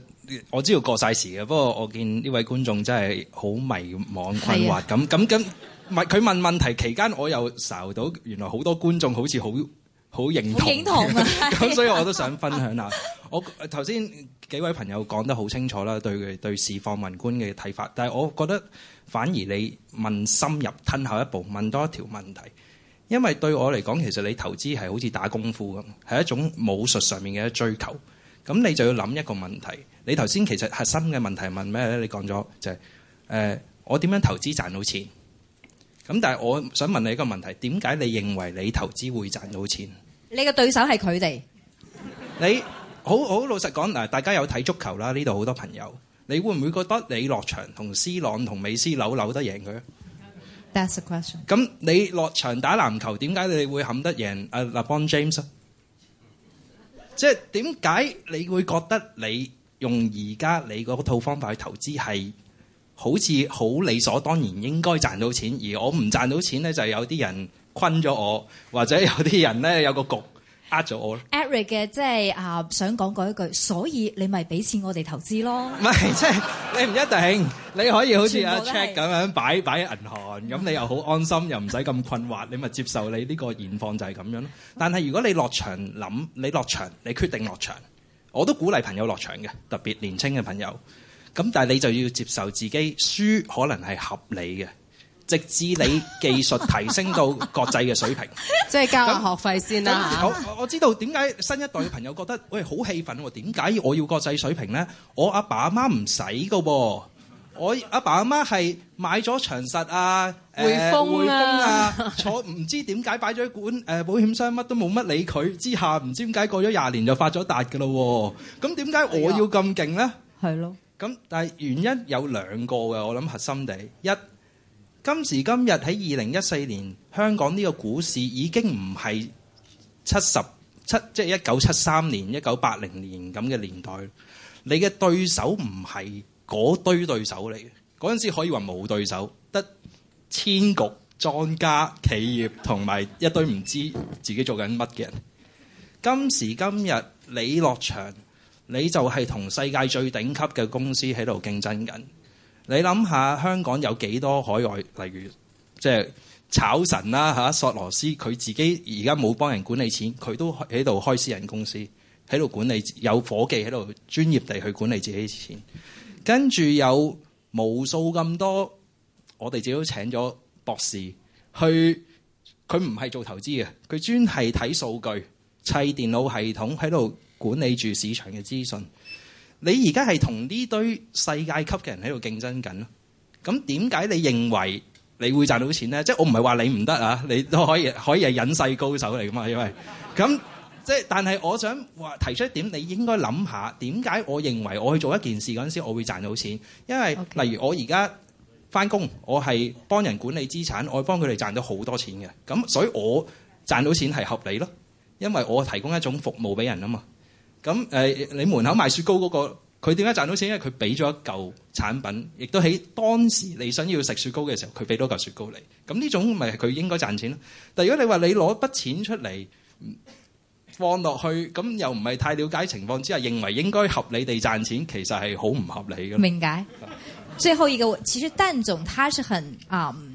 我知道過晒時嘅，不過我見呢位觀眾真係好迷惘困惑咁，咁咁問佢問問題期間，我又受到原來好多觀眾好似好好認同，咁 [laughs] 所以我都想分享下。 [laughs] 我頭先幾位朋友講得好清楚啦，對佢對釋放文官嘅睇法，但係我覺得反而你問深入吞後一步，問多一條問題，因為對我嚟講，其實你投資係好似打功夫咁，係一種武術上面嘅追求。咁你就要諗一個問題，你頭先其實核心嘅問題問咩咧？你講咗就係誒，我點樣投資賺到錢？咁但係我想問你一個問題，點解你認為你投資會賺到錢？你嘅對手係佢哋。你好好老實講嗱，大家有睇足球啦，呢度好多朋友，你會唔會覺得你落場同 C 朗同美斯扭扭得贏佢咧？That's a question。咁你落場打籃球，點解你會冚得贏阿 LeBron James？即係點解你會覺得你用而家你嗰套方法去投資係好似好理所當然應該賺到錢，而我唔賺到錢咧，就有啲人坤咗我，或者有啲人咧有個局。了了 Eric，呃咗我啦，Eric 嘅即係啊，想講嗰一句，所以你咪俾錢我哋投資咯。唔係即係你唔一定，你可以好似阿 check 咁樣擺擺喺銀行，咁你又好安心， [laughs] 又唔使咁困惑，你咪接受你呢個現況就係咁樣咯。但係如果你落場諗，你落場，你決定落場，我都鼓勵朋友落場嘅，特別年輕嘅朋友。咁但係你就要接受自己輸可能係合理嘅。直至你技術提升到國際嘅水平， [laughs] 即係交學，學費先啦，啊嗯。我我知道點解新一代嘅朋友覺得，喂、欸、好氣憤喎，哦，點解我要國際水平咧？我阿爸阿媽唔使㗎喎，我阿爸阿媽係買咗長實啊，呃、匯，豐啊匯豐啊，坐唔知點解擺咗管、呃、保險箱，乜都冇乜理佢之下，唔知點解過咗廿年就發咗達㗎咯喎。咁點解我要咁勁咧？係、哦、咯。咁但係原因有兩個嘅，我諗核心地一。今時今日喺二零一四年，香港呢個股市已經唔係七十七，即係一九七三年、一九八零年咁嘅年代。你嘅對手唔係嗰堆對手嚟嘅，嗰陣時可以話冇對手，得千局莊家企業同埋一堆唔知自己做緊乜嘅人。今時今日，你落場，你就係同世界最頂級嘅公司喺度競爭緊。你諗下，香港有幾多海外？例如，即係炒神啦嚇，索羅斯佢自己而家冇幫人管理錢，佢都喺度開私人公司，喺度管理有伙計喺度專業地去管理自己錢。跟住有無數咁多，我哋自己都請咗博士去，佢唔係做投資嘅，佢專係睇數據、砌電腦系統，喺度管理住市場嘅資訊。你而家係同呢堆世界級嘅人喺度競爭緊咯，咁點解你認為你會賺到錢咧？即係我唔係話你唔得啊，你都可以可以係隱世高手嚟噶嘛，因為咁即係。但係我想話提出一點，你應該諗下點解我認為我去做一件事嗰陣時，我會賺到錢。因為 Okay. 例如我而家返工，我係幫人管理資產，我幫佢哋賺到好多錢嘅，咁所以我賺到錢係合理咯，因為我提供一種服務俾人啊嘛。咁、呃、你門口賣雪糕嗰、那個，佢點解賺到錢？因為佢俾咗一嚿產品，亦都喺當時你想要食雪糕嘅時候，佢俾多嚿雪糕你。咁呢種咪係佢應該賺錢咯。但係如果你話你攞筆錢出嚟放落去，咁又唔係太了解情況之下，認為應該合理地賺錢，其實係好唔合理嘅。明解白。 [laughs] 最後一個，其實蛋總他是很啊。Um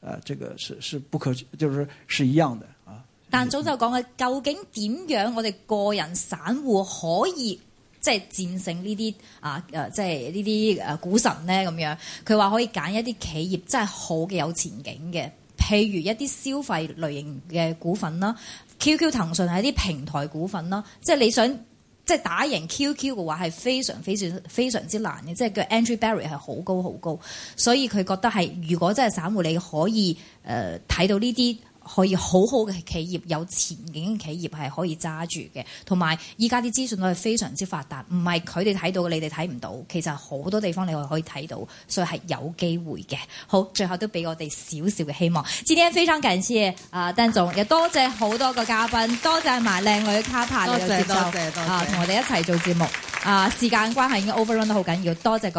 啊，這個是是不可，就是是一樣的啊。但總就講嘅，究竟點樣我哋個人散戶可以即係戰勝呢啲啊？誒、呃，即、就、係、是啊、呢啲誒股神咧咁樣？佢話可以揀一啲企業真係好嘅有前景嘅，譬如一啲消費類型嘅股份啦，QQ 騰訊係一啲平台股份啦，即係你想。即係打贏 QQ 嘅話係非常非常非常之難嘅，即、就、係、是、佢 Andrew Berry 係好高好高，所以佢覺得係如果真係散戶你可以誒睇、呃、到呢啲。可以好好嘅企業、有前景嘅企業係可以揸住嘅，同埋依家啲資訊都係非常之發達，唔係佢哋睇到嘅，你哋睇唔到，其實好多地方你可以睇到，所以係有機會嘅。好，最後都俾我哋少少嘅希望。今天非常感謝啊，鄧、呃、總，又多謝好多個嘉賓，多謝埋靚女卡帕，多謝多謝多謝啊，同我哋一齊做節目。啊，時間關係已經 overrun 得好緊要，多謝各位。